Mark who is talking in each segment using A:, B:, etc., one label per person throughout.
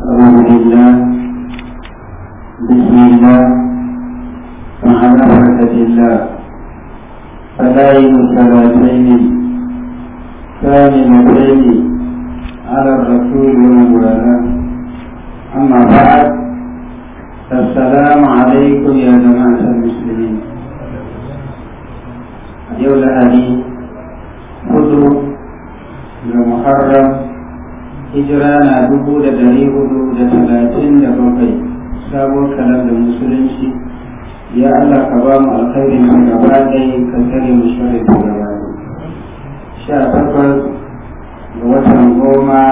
A: أعوذ بالله بسم الله وعلى حركة الله فدائم صلاتين كاملتين على الرسول ومن والاه أما بعد فالسلام عليكم يا جماعة المسلمين اليوم الأهلي خذوا المحرم hijira na dubu da dari hudu da talatin da bakwai sabon kalar da musulunci ya Allah ka ba mu alkhairin mu gaba ɗaya ka tsare mu shirin da gaba sha takwas ga watan goma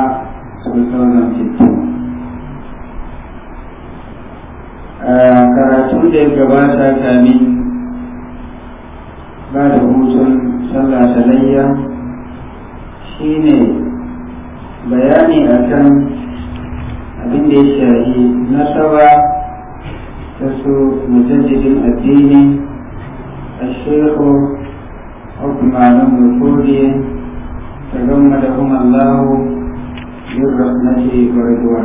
A: cikin karatu da ya gabata kamin ba da hutun sallah ta layya shine bayani akan abin da ya shahi nasaba ta su mujaddidin addini a shekhu hukumanin muturiya ta gama da kuma allahu yin rahmati barduwa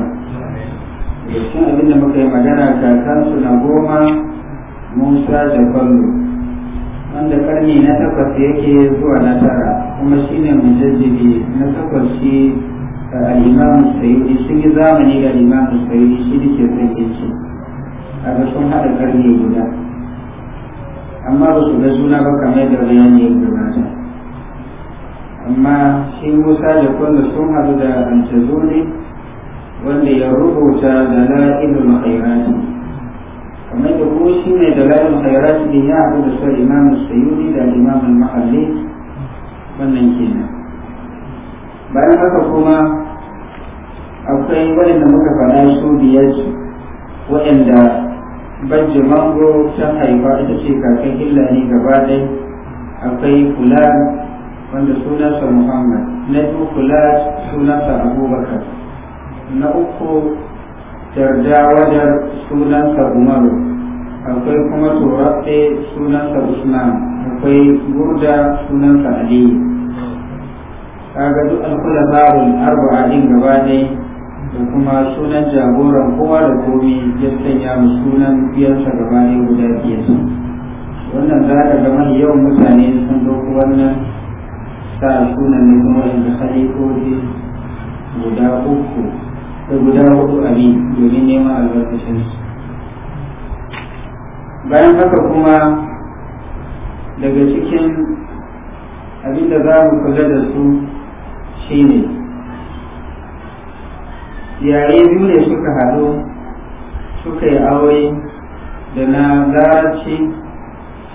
A: cikin abin da muka yi magana kakansu na goma musa da kwallo wanda karni na takwas yake zuwa na tara kuma shine mujaddidi na takwas shi al'imamu sayuri sun yi zamani ga al'imamu sayuri shi ne ke tsaye ce kaga sun haɗa ƙarni guda amma ba su ga juna ba kamar da bayani ya gabata amma shi musa da kwallo sun haɗu da antazoni wanda ya rubuta kamar da ko shi ne da la'ilul khairati ya haɗu da su al'imamu sayuri da al'imamu mahalli wannan kenan bayan haka kuma akwai waɗanda muka faɗa su biyar waɗanda bajji mango ta haifa ita ce kakan illa ne gaba ɗai akwai kula wanda sunansa muhammad na biyu kula sunansa abubakar na uku darda wajar sunansa umaru akwai kuma turaɓe sunansa usman akwai burda sunansa aliyu kaga duk alkula babul arba'a din gaba ɗaya da kuma sunan jagoran kowa da komi ya sanya mu sunan biyarsa ne guda biyar su wannan za ka ga mai yawan mutane sun ɗauki wannan sa sunan ne kuma yanzu halifofi guda uku da eh, guda hudu a ni domin neman albarkacin su bayan haka kuma daga cikin abinda za mu kula da su shine yayi biyu ne suka haɗu suka yi aure da na zaraci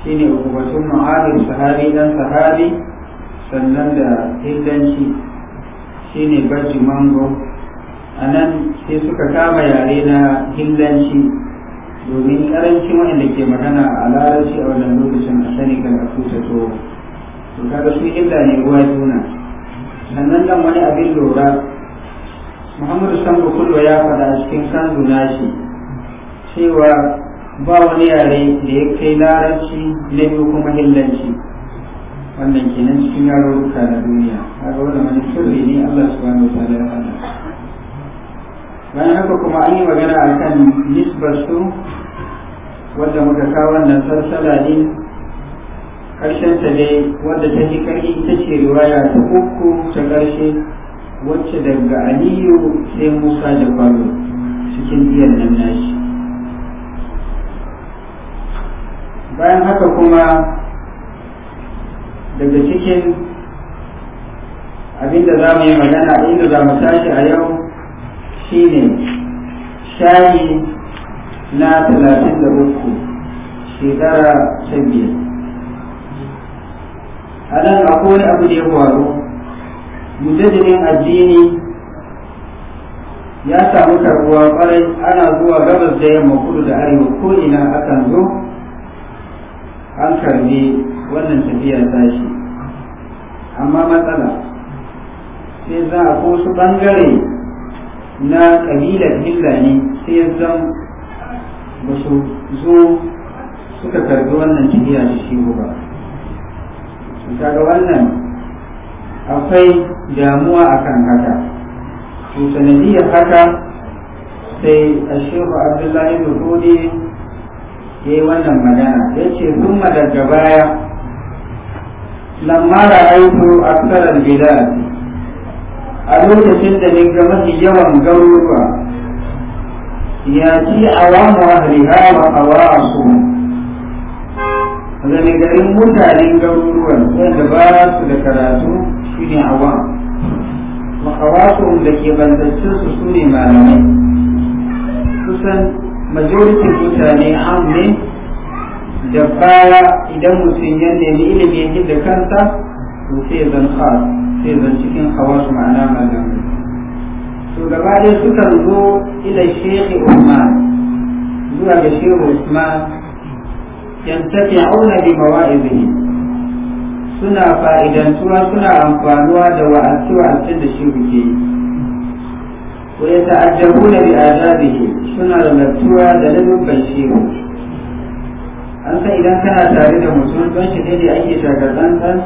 A: shi ne hukumatun ma'adin sahabi dan sahabi sannan da hillanci shi ne baji mango a nan sai suka kama yare na hillanci domin karancin waɗanda ke magana a larabci a wannan lokacin a sani kan a kusa to to kaga su illa ne ruwa juna sannan nan wani abin lura muhammadu sambo kullo ya faɗa cikin kanzu nashi cewa ba wani yare da ya kai larabci na biyu kuma hillanci wannan kenan cikin yarurruka na duniya a wannan wani sirri ne Allah subhanahu wa ta'ala da faɗa bayan haka kuma an yi magana a kan nisbarsu wadda muka kawo wannan sarsala ne karshen ta ne wadda ta fi karfi ita ce riwaya ta uku ta karshe wacce daga aliyu sai musa da kwano cikin diyar nan nashi bayan haka kuma daga cikin abinda za mu yi magana inda za mu tashi a yau shine shayi na talatin da uku shekara ta biyar a nan akwai abu da ya faru mujadilin addini ya samu karbuwa kwarai ana zuwa gabas da yamma kudu da arewa ko ina akan zo an karbi wannan tafiyar tashi amma matsala sai za a ko su bangare na kabilar hilla ne sai zan ba su zo suka karbi wannan tafiya da shi ba Daga wannan akwai damuwa akan haka to sanadiyar haka sai a shehu abdullahi buhuri ya yi wannan magana ya ce kuma daga baya lamma a tsarar gida a lokacin da ne ga mafi yawan garuruwa ya ci awamu ahliha wa awasu zane garin mutanen sai da ba su da karatu shi ne a wani makawasu da ke bandancin su su ne malamai kusan majoritin mutane am ne da baya idan mutum ya nemi ilimi yake da kansa to sai zan khas sai zan cikin hawasu ma'ana malamai to gaba dai sukan zo ila shekhi Usman zuwa ga shehu Usman yantafi'una bi mawa'izihi suna fa'idantuwa suna amfanuwa da wa'azi-wa'azin da shi kuke yi Ko ya ta'ajjabu da bi azabihi suna lalattuwa da lalubban shi an san idan kana tare da mutum don shi ne da ake shagarzantar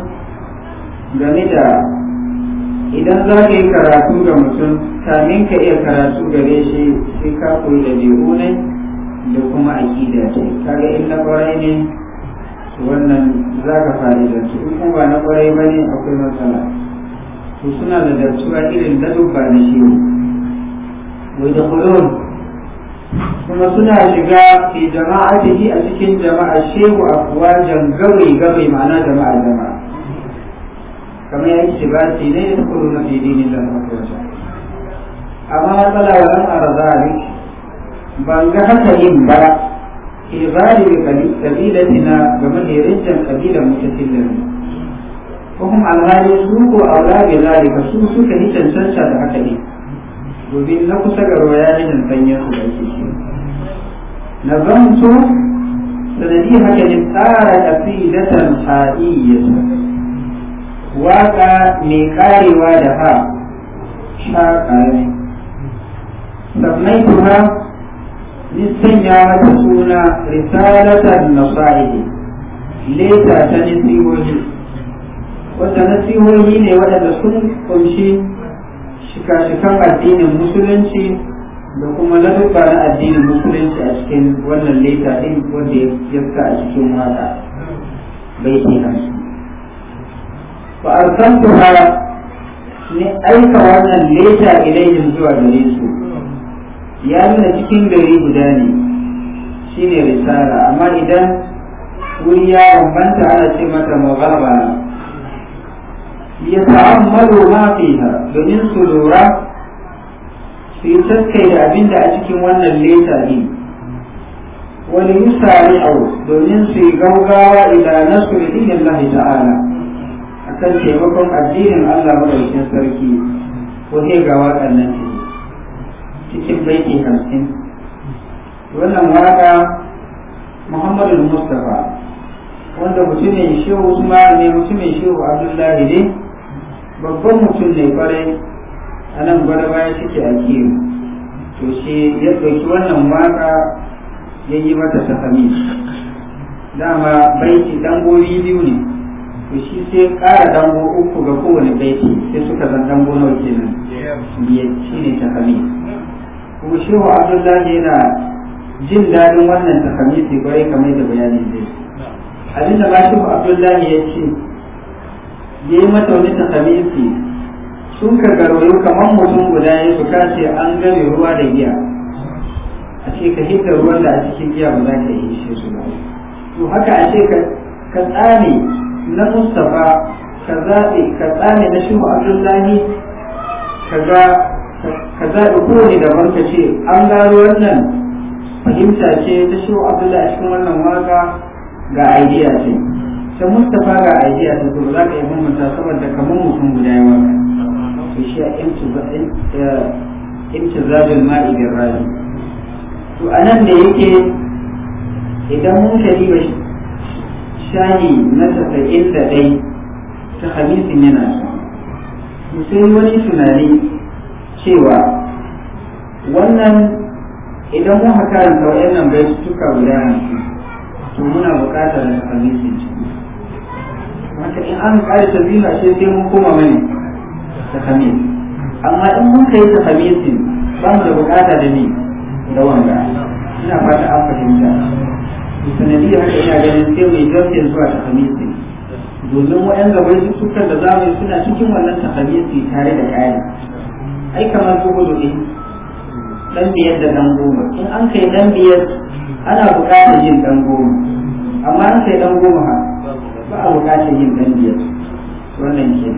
A: game da idan za ka yi karatu ga mutum kamin ka iya karatu gare shi sai ka koyi da ne da kuma aƙida ce kaga in na kwarai ne wannan za ka su in kuma ba na kwarai ba ne akwai matsala to suna da dacewa irin na dubba na shiwu wai da kulon kuma suna shiga fi jama'a ciki a cikin jama'a shehu a kuwa jangabai gabai ma'ana jama'a jama'a kamar ya yi shiga ce ne da kulon na fi dini da makwata amma matsala wa a arzari ban ga haka yin ba ibari kabilatina da manerijin kabilan mutasillami kuma alhali su ko aula bi zalika su suka yi cancanta da haka ne domin na kusa ga da banyan su da ke shi na zanto sanadi haka ne tsara kabilatan ha'iyyata waka mai karewa da ha shaƙa ne sannan sanya mata suna risalatan nasa'ili leta ta nasihohi wata nasihohi ne waɗanda sun kunshi shika-shikan addinin musulunci da kuma ladubba na addinin musulunci a cikin wannan leta ɗin wanda ya yafka a cikin wata bai a fa arsaltuha ni aika wannan leta ilayhim zuwa gare su ya nuna cikin gari guda ne shine risala amma idan wuri ya bambanta ana ce mata mughabara ya ta'ammalu ma fiha domin su lura su yi taskai da abin da a cikin wannan leta ne wani misali au domin su yi gaugawa ila nasu dinin Allah ta'ala akan taimakon addinin Allah madaukakin sarki ko ga waɗannan cikin baiti hamsin wannan waka muhammadu mustapha wanda mutumin shehu usman ne mutumin shehu abdullahi ne babban mutum ne kwarai a nan gwarba ya cike a kiyo to shi ya ɗauki wannan waka ya yi mata safami dama baiti dangobi biyu ne to shi sai ƙara dango uku ga kowane baiti sai suka zan dango nawa kenan biyar shi ne safami kuma abin abdullahi yana jin daɗin wannan takamiti kwarai kamar da bayani zai abin da abin abdullahi ya ce ya yi mata wani takamiti sun ka kamar mutum guda ya fi ce an gane ruwa da giya a ce ka hita ruwan da a cikin giya ba za ka yi shi su ba to haka a ce ka tsame na mustapha ka zaɓe ka tsame na abin abdullahi ka ga ka zaɓi kowane daban ka ce an gano wannan fahimta ce ta shi abdullahi a cikin wannan waka ga idea ce ta mustapha ga idea ta to za ka yi bambanta saboda kamar mutum guda ya waka to shi a imtizajin ma'idin rani to a nan da yake idan mun kari ba shani na tasa'in da ɗai ta hamisin yana to sai wani tunani cewa wannan idan mun haka karanta wayannan baituka guda hamsin to muna buƙatar da hadisin ciki haka in an ƙara tabiha ce sai mun koma mani ta kamis amma in mun kai ta kamisin ba mu da buƙata da ni da wanda. ina fata an fahimta sanadiyar haka ina ganin sai mai jirgin zuwa ta kamisin domin waɗanda bai sukan da zamu suna cikin wannan takamisi tare da ƙari ai kamar zuhudu ne dan biyar da dan goma in an kai dan biyar ana buƙatar yin dan goma amma an kai dan goma ha ba a buƙatar yin dan biyar wannan ke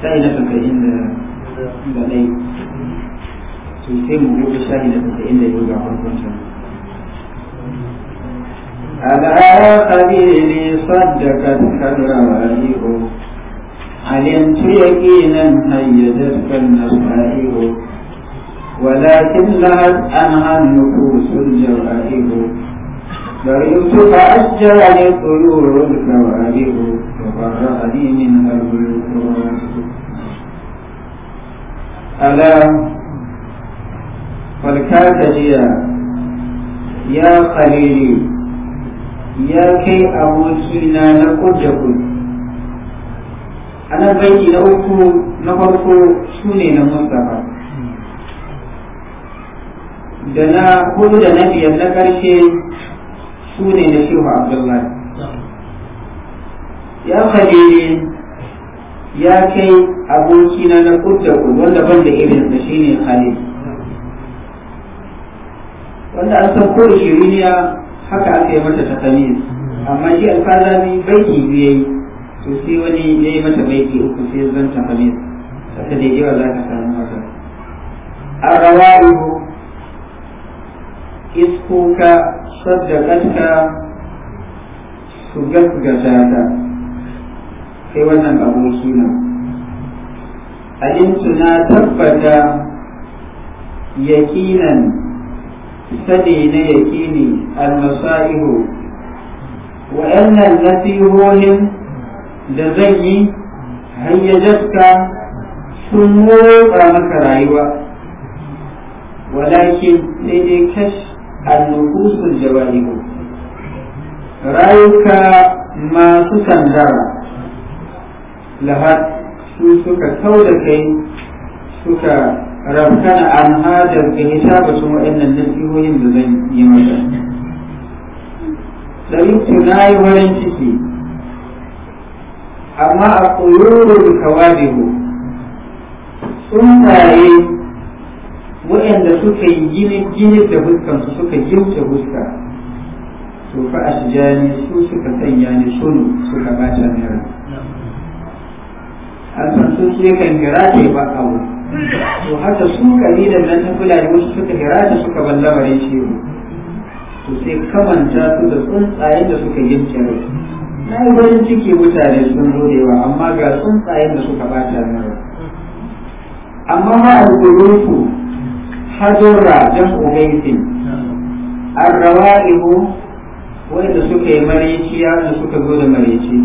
A: sai da kuka inda da dai to sai mu gobe sai da kanka inda yau ga farkon على قبيلي صدقت كالروائح انت يقينا هيدتك النصائح ولكن لهت انها النفوس الجوائح برئت فأشجى لي طيور الكوارث وبرأني منها القرآن ألا والكاتجيا يا قليلي ya kai abokina na kudda kudu ana baiti na uku na farko su ne na mustapha da na hudu da na biyar na karshe su ne na shehu abdullahi ya fadele ya kai abokina na kudda kudu wanda ban da irin da shi ne khalid wanda an san ko ya? haka aka yi mata takamin amma shi alfazami baiti biyu yayi to shi wani ya yi mata baiki uku sai zan takamin saka da yawa za ka samu haka a rawa'ihu iskuka saddaqatka su gaggata ta kai wannan aboki nan alimtu na tabbata yakinan sani na yakini almasa'ihu wa'annan nasihohin da zan yi hayyajaska sun motsa maka rayuwa walakin sai dai kash annukusul jawalihu rayuka masu sandara lahat su suka kai suka rabtana an hajar ka ya sha batun waɗannan nasihohin da zan yi maka sariftu na yi wurin ciki amma a ƙoyoron kawabihu tsuntsaye waɗanda suka yi ginin ginin da fuskansu suka gimta fuska to fa a su suka sanya ni sunu suka bata mera an san sun ke kan gira ba aure to haka su kabilan nan ta kula da wasu suka da suka ballabare shi to sai ta su da tsuntsayen da suka yince rai na yi farin ciki mutane sun rodewa amma ga tsuntsayen da suka bata rai amma ma al-qulufu hadurra jam'u gaisin arrawa'ihu wanda suka yi mariciya da suka zo da marici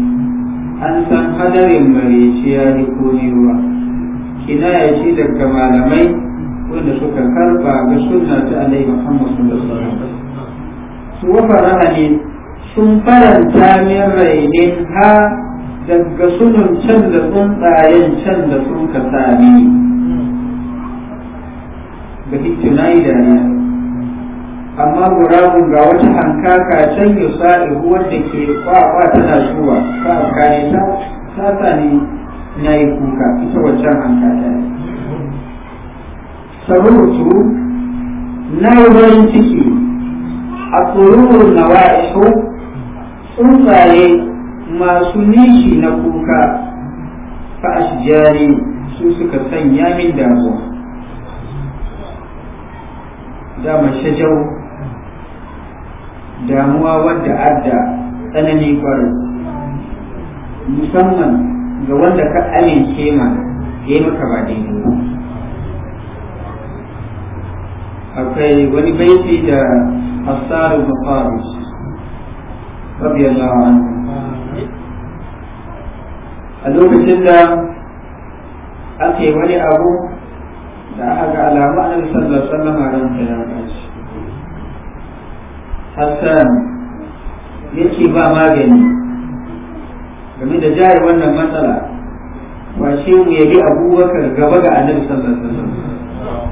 A: an san hadarin mariciya da konewa ya ce daga malamai wanda suka karba ga sunna ta alai muhammad sallallahu alaihi wasallam su wafara ne sun faranta min rainin ha daga sunan can da sun tsuntsayen can da sun ka sami ga hitunai da ne amma murabun ga wata hankaka can yusa'i wanda ke kwakwa tana zuwa ta hankali ta ta ne na yi kuka ita wancan an kata ne sarutu na yi farin ciki a tsoron na wa'ishu tsuntsaye masu nishi na kuka fa ashjari su suka sanya min damuwa dama shajau damuwa wadda adda tsanani kwarin musamman ga wanda ka amince ma ya maka ba daidai ba akwai wani baiti da hasaru bukhari radiyallahu anhu a lokacin da aka yi wani abu da aka ga alamu nan sallar sallama ran ta ya kashi hassan yake ba magani game da jihar wannan matsala shi mu yabi abubakar gaba ga annabi sallallahu alaihi wasallam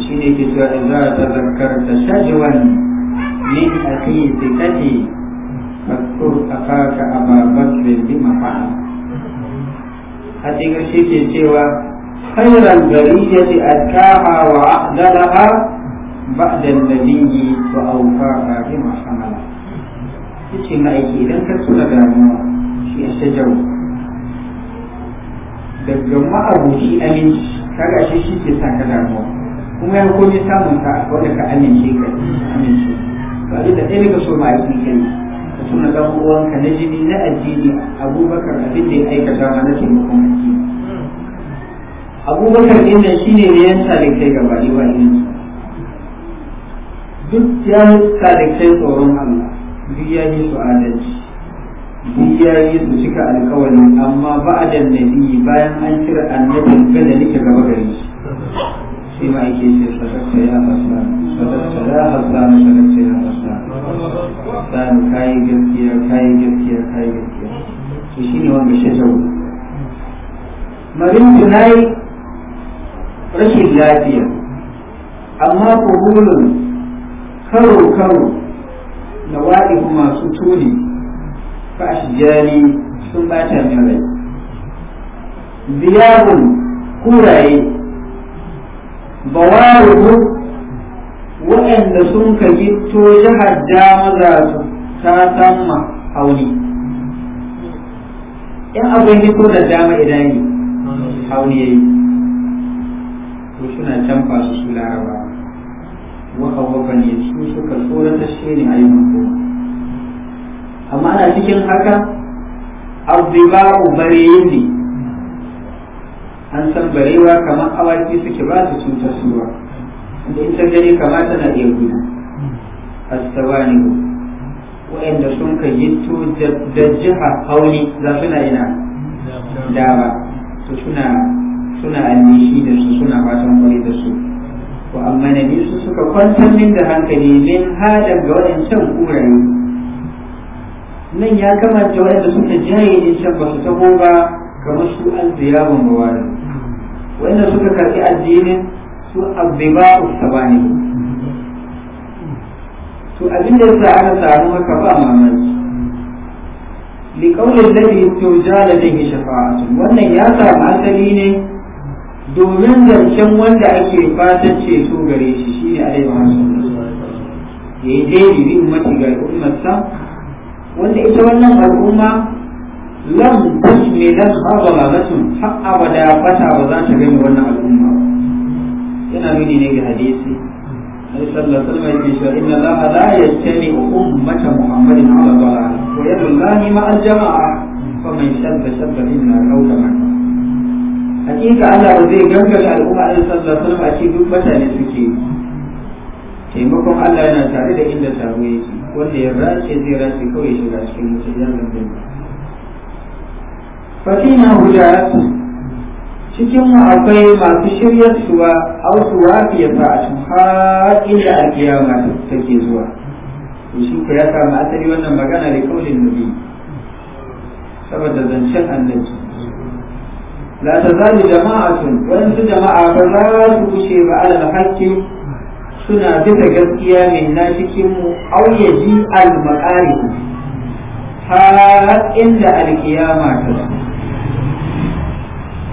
A: shi ne ke cewa in za a tazakkar ta shajiwan min akhi tikati fakur akaka ababat bi mafa'a a cikin shi ke cewa khairan bariyati atkaha wa ahdalaha ba'da an-nabiyyi wa awfaha bima hamala yace aiki idan ka suna damuwa shi shajaru daga ma'abuci aminci kaga shi shi ke sa ka damuwa kuma ya komai samun ka wanda ka amince ka amince ba da ɗaya daga so ma aiki kenan ka tuna ɗan uwanka na jini na addini abubakar abin da ya aikata ma na taimakon addini abubakar ɗin nan shi ne ya salikai gaba ɗaya wa'insu duk ya salikai tsoron Allah duk ya yi su adalci yayi su cika alkawari amma ba a da nabi bayan an cire annabin ga da nake gaba gari. shi sai ma yake ce sadaqta ya hasa sadaqta ya hasa sadaqta ya hasa dan kai gaskiya kai gaskiya kai gaskiya shi shine wanda shi jawo marin tunai rashin lafiya amma kuhulun karo karo na waɗi masu tuni fa ashjani sun bata min rai biyabun kuraye bawaruhu waɗanda sun ka gitto jihar dama za su ta samma hauni in abin hito da dama idan yi hauni ya yi to suna canfa su su tsoratar shi ne a amma ana cikin haka abdibaru bareyi ne an san barewa kamar awaki suke ba su cutar suwa inda in ta gani kama tana iya gudu astawani wa'anda sun ka to da jiha hauli za su na yana dama to suna suna annishi da su suna fatan kwari da su wa amma na su suka kwantar min da hankali min hadar ga waɗancan kurayen nan ya kamata waɗanda suka jaye ne can ba su taho ba kamar su an ziyarar mawari waɗanda suka karɓi addinin su abdiba ustabani to abin da yasa aka samu haka ba mamaki liƙaunin to tauja da dangi shafa'atun wannan ya samu asali ne domin zancen wanda ake fatan ceto gare shi shi shine alaihi wasallam ya yi daidai bi ummati ga ummarsa wanda ita wannan al'umma lam tashmilan azalamatun har abada bata ba za ta gani wannan al'umma yana nuni ne ga hadisi Alaihi sallallahu alaihi wasallam yake cewa inna Allah la yastami ummata Muhammadin ala dalal wa yadullahi ma al-jama'a fa man shadda shadda inna qawla man hakika Allah ba zai gangara al'umma Alaihi sallallahu alaihi wasallam a cikin mutane suke taimakon Allah yana tare da inda taro yake wanda ya race zai race kawai shiga cikin musulman gandun fatina hujjat cikin mu akwai masu shirya suwa au suwa fiye ta har inda masu take zuwa to shi ka ya samu asali wannan magana da kaulin nabi saboda zancen annabi لا تزال جماعة wa jama'a ba za su kushe ba suna bisa gaskiya mai na cikin mu auye ji al-maqari har inda alkiyama ta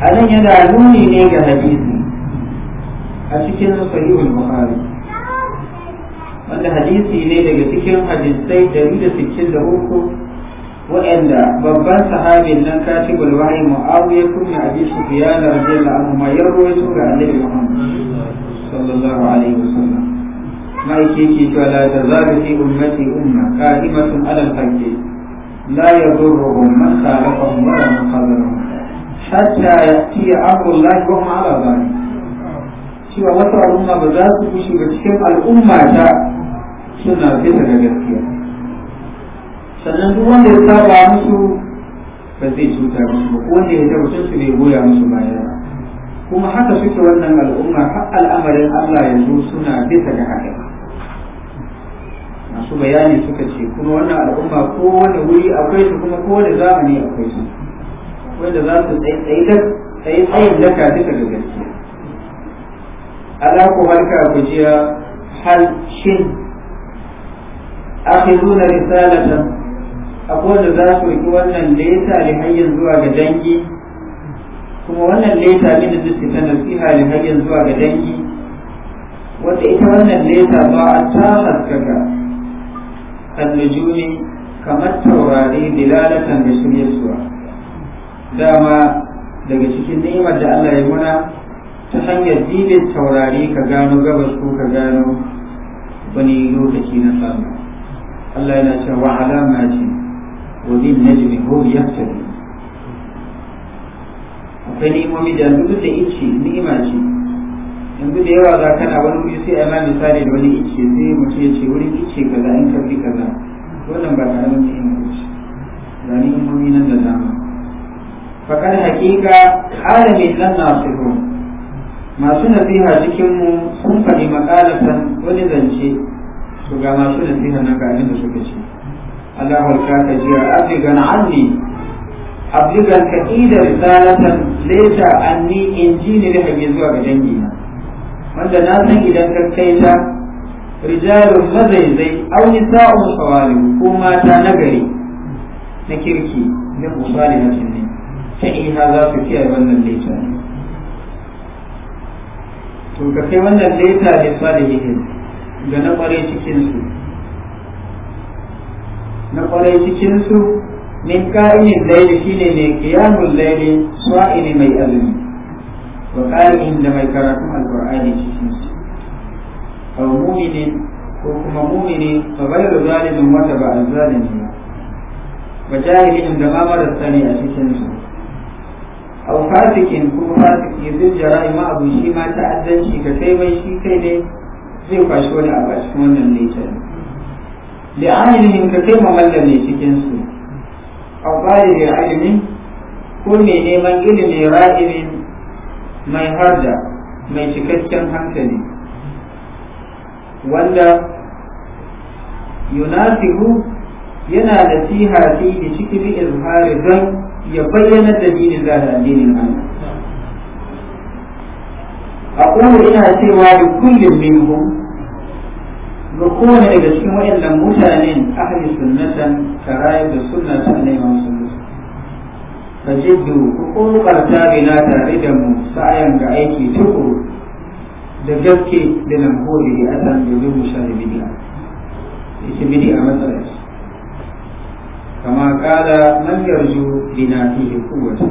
A: a nan yana nuni ne ga hadisi a cikin sahihul bukhari wanda hadisi ne daga cikin hadisai 163 waɗanda babban sahabin nan katibul wahyi muawiya ibn abi sufyan radiyallahu anhu ya rawaito ga annabi Muhammad sallallahu alaihi wasallam ma'aike ke cewa la tazalu fi ummati umma qa'imatun ala al-haqqi la yadurruhum man khalaqahum wa man khazalahum hatta ya'ti amrullahi wa hum ala dhalik cewa wasu al'umma ba za su fushi ba cikin al'umma suna fita da gaskiya sannan wanda ya saba musu ba zai cuta musu ba ko wanda ya tabbatar su ne goya musu baya ba kuma haka suke wannan al'umma har al'amarin Allah yanzu suna bisa ga haka masu bayani suka ce kuma wannan al'umma kowane wuri akwai su kuma kowane zamani akwai su wanda za su tsaye tsayin daka bisa ga gaskiya ala ku halka ku jiya hal shin Ake akhizuna risalatan akwai wanda za su yi wannan da ya hanyar zuwa ga dangi kuma wannan leta ne da duk ta nasiha da hanyar zuwa ga dangi wanda ita wannan leta ba a ta haskaka kan nujumi kamar taurari dilalatan da suwa dama daga cikin ni'imar da Allah ya muna ta hanyar dibin taurari ka gano gabas ko ka gano wani lokaci na samu Allah yana cewa alama ce wajen najmi ko yahtadi akwai ni'imomi da yanzu duk da ice ni'ima ce yanzu da yawa za kana wani wuri sai a ma misali da wani ice sai mu ce ce wurin ice kaza in ka fi kaza wannan ba karamin ni'ima ce ga ni'imomi nan da dama fakar hakika alamin nan na sirru masu nasiha cikinmu sun faɗi makalatan wani zance su ga masu nasiha na ga da suka ce Allah ka jiya abdi gan أبلغ كإيد رسالة ليس أني zuwa ga dangi na wanda na san idan ka kai ta rijalun mazaizai aw nisa'un sawali ko mata na gari na kirki na musali na cinne ta ina za su kiyaye wannan leta to ka kai wannan leta da salihin ga na kware cikin su na kware cikin su min ka'imin laili ne mai qiyamul laili sa'ili mai azumi wa qari'in da mai karatun alqur'ani cikin shi aw mu'minin ko kuma mu'mini fa da zalimin wanda ba azzalimi ba wa jahilin da ma marasa ne a cikin su aw fasikin ko fasiki zai jara'i ma abu shi ma ta'addanci ka kai mai shi kai ne zai kwashi wani abu a cikin wannan laifin da amilin ka kai mamallane cikin su al-bayi ilmi ko ne neman ilimi raini mai harda mai cikakken hankali wanda yunasihu yana da siha fi da ciki bi izhari don ya bayyana dalilin ga dalilin an a kuma cewa da kullum minhum ga kowane daga cikin waɗannan mutanen ahli sunnatan karayar da sunna ta na imam sunnata fa jiddu ku kokarta bina tare da mu sa'ayan ga aiki tukuru da gaske da nan hori a san domin mu shari bidiya ita bidiya matsalar kama kala man yarju bina fihi kuwata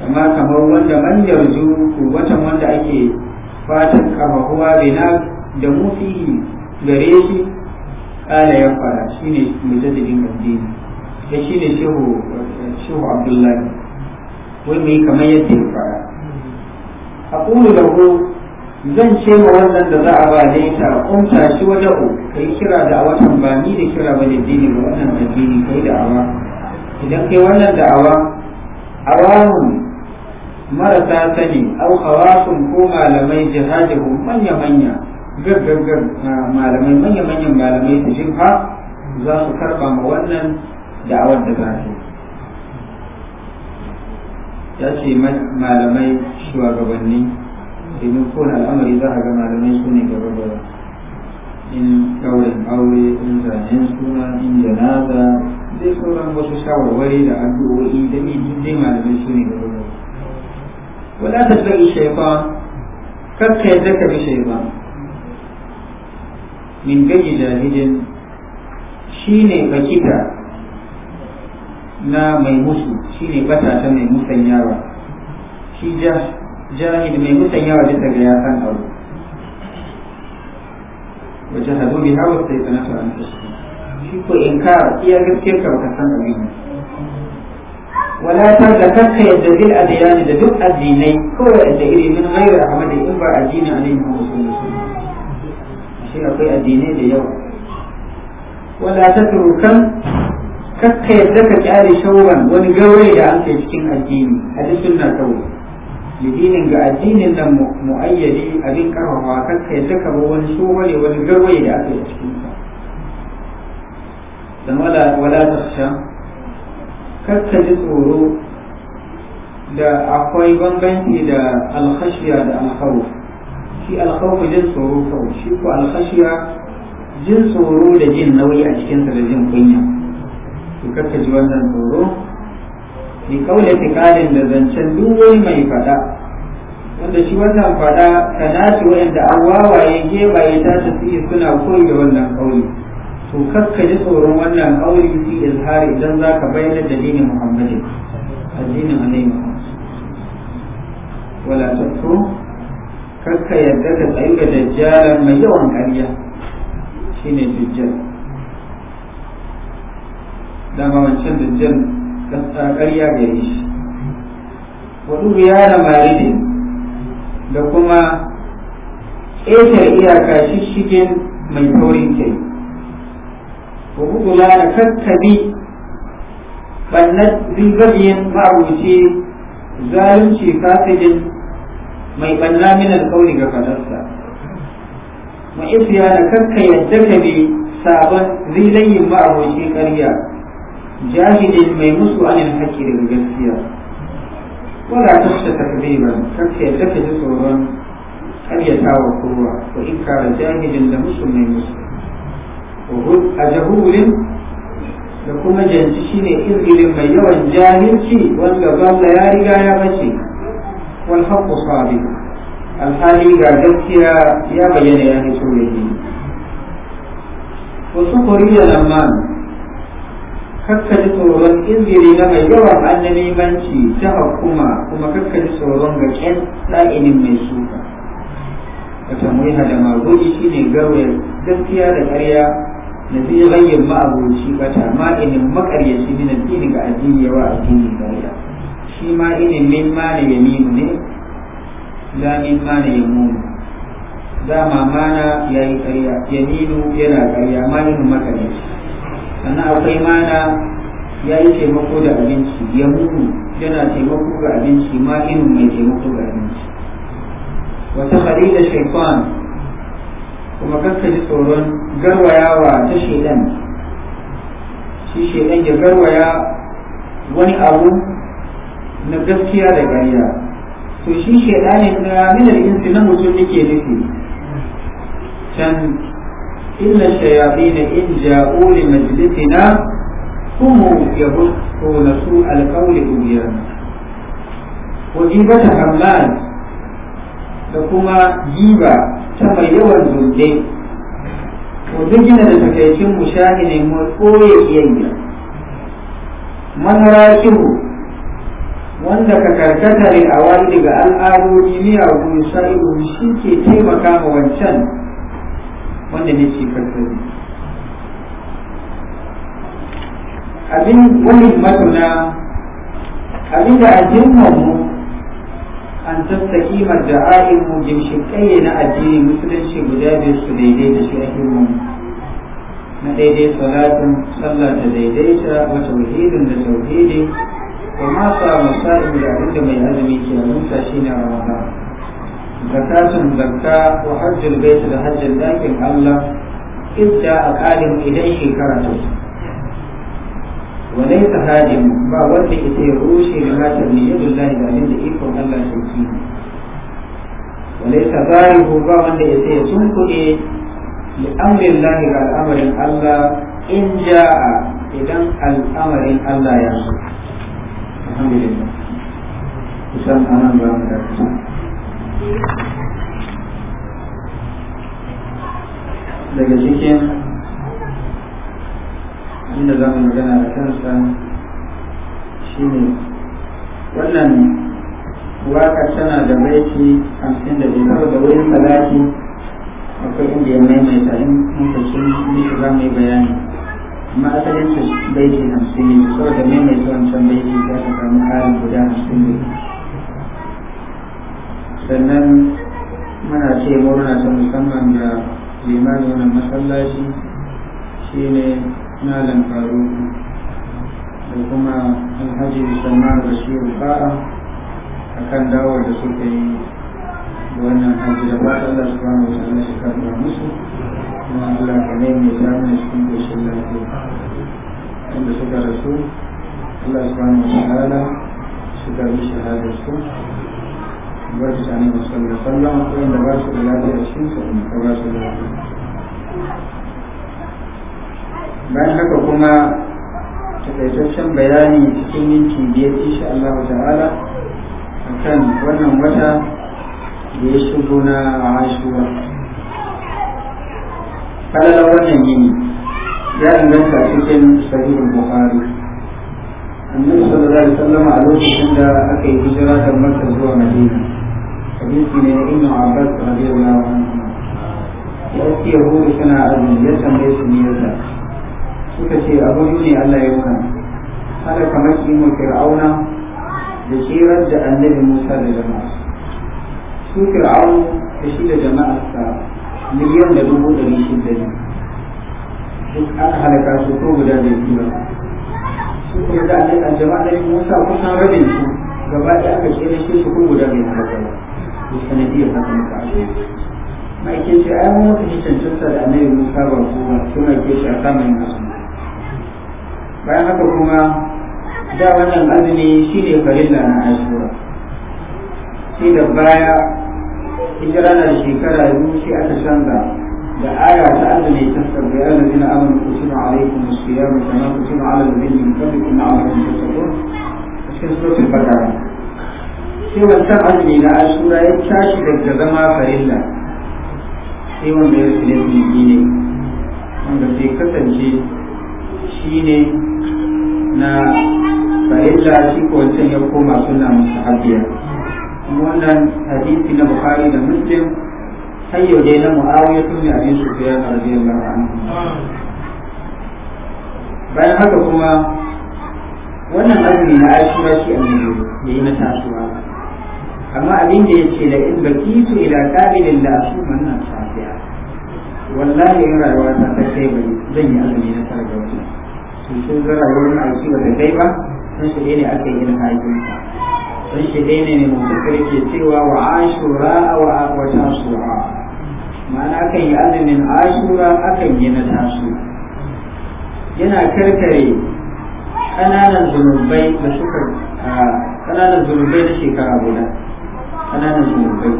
A: kama kamar wanda man yarju kuwatan wanda ake fatan kama huwa bina da mu fihi gare shi kala ya fara shi ne mujaddadin addini ya shi ne shehu abdullahi wai mai kamar yadda ya fara a ƙulu da ku zan ce wa wannan da za a ba da ita umta shi wajen ku kai kira da a watan ba ni da kira ba da addini ba wannan addini kai da awa idan kai wannan da awa awahun marasa sani au hawasun ko malamai jihadihun manya-manya gaggaggar ah, malamai manya-manyan malamai da jimfa za su karba ma wannan da'awar da za su ya ce malamai shugabanni domin na al'amari za a ga malamai su ne gaba gaba in kawai aure in zanen suna in janaza zai sauran wasu shawarwari da addu'o'i da idin dai malamai su ne gaba gaba wadatar da shaifa kakka yadda ka bi shaifa min gaji jahilin shine bakita na mai musu shine bata ta mai musanyawa shi jahil mai musanyawa bisa ga ya san abu wajen hadu bi hawa sai sana ta an shi ko in ka iya gaskiyar ka baka san abin ne wala ta da kakka yadda bil adiyani da duk addinai kawai da iri min ghayra amali in ba addini alaihi wa sallam shi akwai addinai da yau. wala ta turukan kakka yadda ka kyale shauran wani gaure da an kai cikin addini a ji sunna kawai lidinin ga addinin nan mu'ayyadi abin karfafa kakka yadda ka ba wani shugare wani gaure da aka yi cikin sa dan wala wala takhsha kakka ji tsoro da akwai bambanci da alkhashiya da alkhawf shi alkhawfu jin tsoro kawai shi ko alkhashiya jin tsoro da jin nauyi a cikin da jin kunya to kakka ji wannan tsoro ni kaula tikalin da zancen duk wani mai fada wanda shi wannan fada kana ce wanda an wawaye gebaye ta tafi suna koyi da wannan kauli to kakka ji tsoron wannan kauli fi izhari idan zaka bayyana da dinin muhammadin addinin annabi wala tasru karka yarda ka tsayu ga dajjalan mai yawan ƙarya shine dajjal dama wancan dajjal gaskiya ƙarya ga yi shi wadu ya da maride da kuma ƙetar iyaka shishigin mai taurin kai wa kula da kakkabi na zingabiyin ma'abuci zalunci kafidin mai balla min alƙawli ga kadarsa mu isiya na kakka yadda ka bi sabon zilayin ma'abokin ƙarya jahilin mai musu anin haƙƙi daga gaskiya ta tafsa takdiban kakka yadda ka ji tsoron ƙaryatawa kowa ko in kara jahilin da musu mai musu a jahulin da kuma janci shine irgirin mai yawan jahilci wanda ba ya riga ya bace wal haqqu sabiq alhali ga gaskiya ya bayyana ya hito da ni wasu tsoron izini na mai yawan annamimanci ta hukuma kuma kakkaji tsoron ga ƙyan ɗa'inin mai suka ka tamuriha da magudi shine garwaya gaskiya da ƙarya da zai rayyan bata ma'inin makaryaci min addini ga addini yawa addini ƙarya shi ma ne min ma ne ya mimu ne la min ma ne ya mumu dama mana ya yi karya ya minu yana karya ma maka makarya sannan akwai mana ya yi taimako da abinci ya mumu yana taimako ga abinci ma inu mai taimako ga abinci wata hari da shaikon kuma kakka ji tsoron garwayawa ta shaidan shi shaidan ya garwaya wani abu na gaskiya da ƙarya to shi shaidani na minar insi na mutum yake nufi can inna shayabi na in ja'u li kuma ya hulko na su alƙawli duniyar wajibata hamlan da kuma giba ta mai yawan zunde wajen gina da takaicin ne mu tsoye iyayya manarashihu wanda ka karkata ne a wani daga al'adodi miyagu sa'iru shi ke taimaka ma wancan wanda ne ke karkari abin wani matuna abin da mu an tattaki madda'a'in mu gimshikai na addini musulunci guda biyu su daidai da shi a mu na daidai salatun sallah da daidaita wa tauhidin da tauhidi wa ma samu sa'in da abinda mai azumi ke Musa shi ne ramadan zakatun zakka wa hajjul baiti da hajjin dakin allah idda a ƙarin idan shekara ta wa laysa hadim ba wanda yake rushe da matar ne yadullahi da inda ikon allah ke ki wa laysa zalihu ba wanda yake tunkuɗe li amrin lahi ga al'amarin allah in ja'a idan al'amarin allah ya so da daga cikin inda za mu magana da kansa shi ne wannan waka tana da baiti hamsin da biyar da wurin salati akwai inda ya maimaita in muka sun yi yi bayani amma asalin su baiti hamsin ne saboda mai mai wancan baiti za ta samu ƙarin guda hamsin ne sannan muna ce murna ta musamman da limanin wannan masallaci shine malam faruku da kuma alhaji musamman bashir fara kan dawo da suka yi da wannan hajji da ba Allah subhanahu wa ta'ala shi karɓa musu kuma Allah ka mai mai samun cikin goshin lafiya wanda suka rasu Allah subhanahu wa su suka yi shahadar su ba su sami musamman sallan wanda ba su da lafiya cikin su ka ba su lafiya bayan haka kuma takaitaccen bayani cikin minti biyar insha Allah ta'ala kan wannan wata da ya shigo na ashura falalar wannan yini ya inganta cikin sahihul bukhari annabi sallallahu alaihi wasallam a lokacin da aka yi hijira da makka zuwa madina hadisi ne na ibnu abbas radiyallahu anhu wasu yahudu suna azumi ya tambaye su niyyarsa suka ce abu ne Allah ya wuka haka kamar kimo fir'auna da shirar da annabi musa da jama'a su fir'aun da shi da jama'a jama'arsa miliyan da dubu ɗari shida ne duk aka halaka su ko guda da ba su ne za a ce jama'a da musa kusan rabin su gaba ɗaya aka ce shi su ko guda da halaka ba su sanadiyar haka muka ashe ma'aikin ce ai mun mutu cancanta da annabi musa ba kuma sun ke shi a samun nasu bayan haka kuma da wannan azumi shi ne farilla na ashura sai da baya hijira na shekara biyu sai aka canza da aya ta Allah ne ta sabbi ya da dina amin kusurin alaikum siyamu kama kusurin ala da bin min kabbi kun amin kusurin a cikin suratul bakara sai wancan azumi na ashura ya tashi daga zama farilla sai wanda ya fi ne wanda sai kasance shi ne na farilla shi ko wancan ya koma suna masu musahabiya wannan hadisi na bukhari da muslim har yau dai na muawiya tun da abin sufiya na radiyallahu anhu bayan haka kuma wannan azumi na ashura shi annabi yayi na tasuwa amma abin da yake da in bakitu ila qabilin la su manna safiya wallahi in rayuwa ta ta kai bai zan yi azumi na targa wannan sun sun zara wurin na alƙiwa da kai ba sun shi ne aka yi na hajjinsa sun shi daina ne mun ke cewa wa ashura wa wa tasura ma'ana kan yi azumin ashura akan yi na tasu yana karkare ƙananan zunubai da suka ƙananan zunubai na shekara guda ƙananan zunubai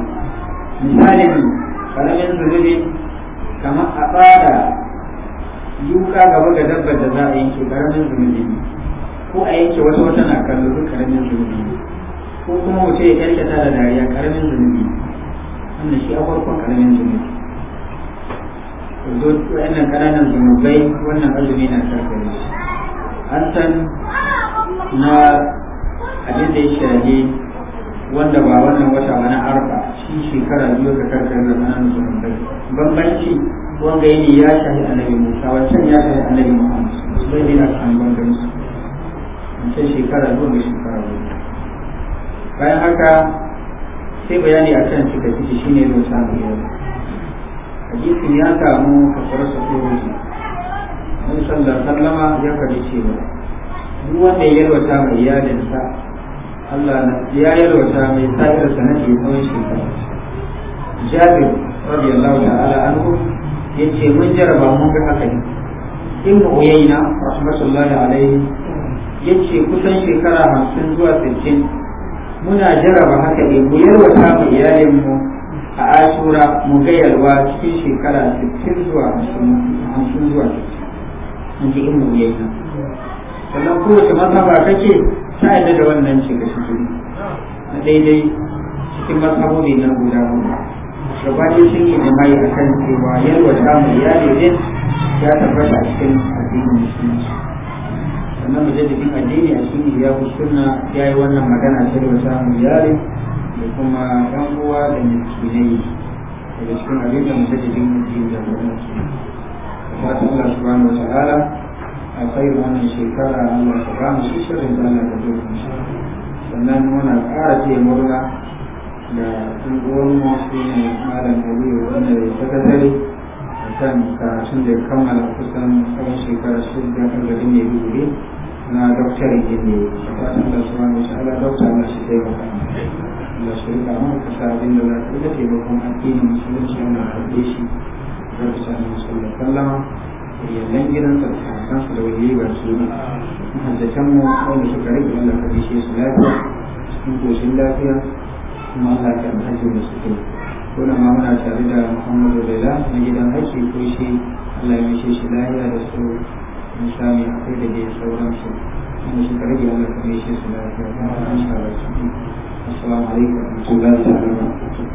A: misalin ƙaramin zunubi kamar a tsara yuka gaba ga dabbar da za a yanke ƙaramin zunubi ko a yanke wasu wata na kallo duk ƙaramin zunubi ko kuma wuce ya ya ta da dariya karamin zunubi wannan shi a farkon karamin zunubi duk wannan karanan zunubai wannan azumi na karkare shi an san na abin da ya shirage wanda ba wannan wata wani arfa shi shekara biyu ka karkar da kananan zunubai bambanci wanda yini ya shahi annabi musa wancan ya shahi annabi muhammad zai dina kan bambanci wancan shekara zuwa shekara biyu bayan haka sai bayani a can cika ciki shi ne zai samu yau hadisin ya samu ko wuce mun sallar sallama ya faɗi cewa duk wanda ya yalwata mai iyalinsa Allah na ya yalwata mai sa'ir sanadi tsawon shekara jabir radiyallahu ta'ala anhu yace mun jaraba mun ga haka ne ibnu uyayna rahmatullahi alaihi yace kusan shekara hamsin zuwa sittin muna jaraba haka ne mu yalwata mu iyalinmu a asura mu ga cikin shekara 60 zuwa 50 zuwa 60 in ji in mu yayi sannan kowace mazhaba kake ta yadda da wannan shiga shi na daidai cikin ne na guda guda gabani sun yi mai akan cewa yalwata mu iyali din ya tabbata cikin addinin musulunci zai da kuma addini a cikin ya ku sunna ya yi wannan magana ta da samun yare da kuma yan uwa da miskinai daga cikin abin da mujaddidin addini da wannan su fatan Allah subhanahu wa ta'ala a kai wannan shekara Allah subhanahu shi shirin da Allah da dokin shi sannan muna ƙara ce murna da tsunguwar masu malam da biyu wanda ya sakatare kan karatun da ya kammala kusan tsawon shekara su da kan garin ne dubure na doktor gini da su wani shi ala doktor na shi kai maka da su rika mun kasa abin da za ta iya taimakon addinin musulunci yana haɗe shi da su sami musulun sallama yallan gidan da su da wani ba su ne mahajjatan mu da suka rike wanda ka bishe su lafiya cikin koshin lafiya kuma Allah ka hajji da su kai sunan ma muna tare da muhammadu laila na gidan haƙƙi ko shi allah ya mishe shi lahiya da su in sha mai akwai da dai sauransu wanda shi ka rage wanda ka mishe su lafiya ta hannun sha shara su ne assalamu alaikum ba rahmatullahi wa barakatuh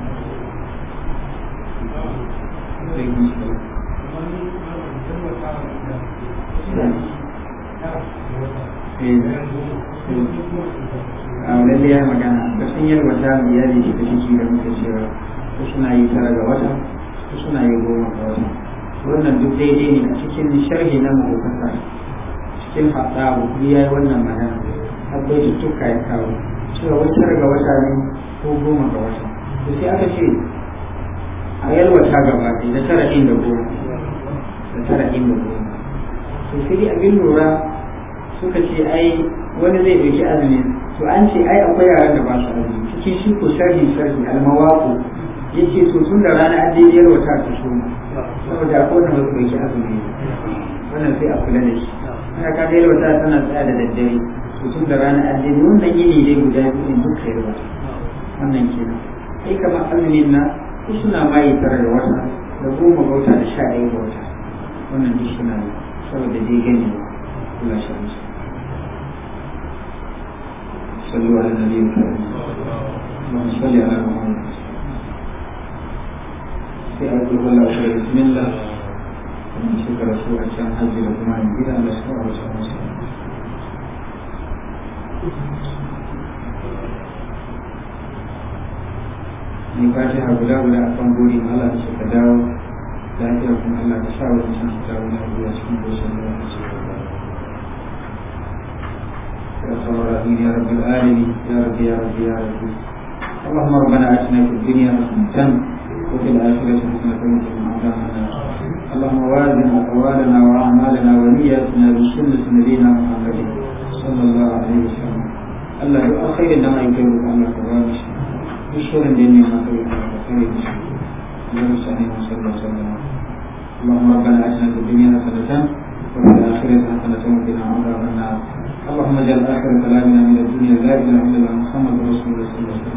A: a wani liyar magana da sun yi wata biyar da kake da muka cewa ko suna yi tara ga wata ko suna yi goma ga wata wannan duk daidai ne a cikin sharhi na mahaukata cikin hafsa wuri ya yi wannan magana har bai tukka ya kawo cewa wasu tara ga wata ne ko goma ga wata to sai aka ce a yalwata gaba ne da tara inda goma da tara inda goma to sai abin lura suka ce ai wani zai ɗauki azumin to an ce ai akwai yaran da ba su azumi cikin shi ko sharhi sharhi almawaku yake so tun da rana an daidai wata ta shi saboda ko da mutum abu ne wannan sai a kula da shi ana ka daidai wata tana tsaya da daddare to tun da rana an daidai wannan yini dai guda biyu in duk kai ba wannan kenan sai kamar azumin na ko suna ma yi tara da wata da goma bauta da sha ɗaya ga wata wannan duk suna yi saboda dai gani kula shi musu صلوا على النبي محمد اللهم صل على محمد sai a kurkun lafiya bismillah kuma shi karatu a can hajji da kuma yin gida da shi a wajen wasu ni ka ce ha guda guda a kan buri Allah da suka dawo lafiya kuma Allah ta sa wajen can su dawo lafiya cikin goshen da wani su يا صبرين يا رب العالمين يا رب يا رب يا رب اللهم ربنا اتنا في الدنيا حسنه وفي الآخرة حسنة اللهم وازن أقوالنا وأعمالنا ونياتنا بسنة نبينا محمد صلى الله عليه وسلم الله أخير لنا أن يجيبك على قوامش بالشر الدنيا ما تريد على خير اللهم صل وسلم وسلم اللهم ربنا اتنا في الدنيا حسنة وفي الآخرة حسنة وقنا عذاب النار اللهم اجعل آخر كلامنا من الدنيا لا إله إلا محمد رسول الله صلى الله عليه وسلم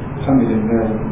A: الحمد لله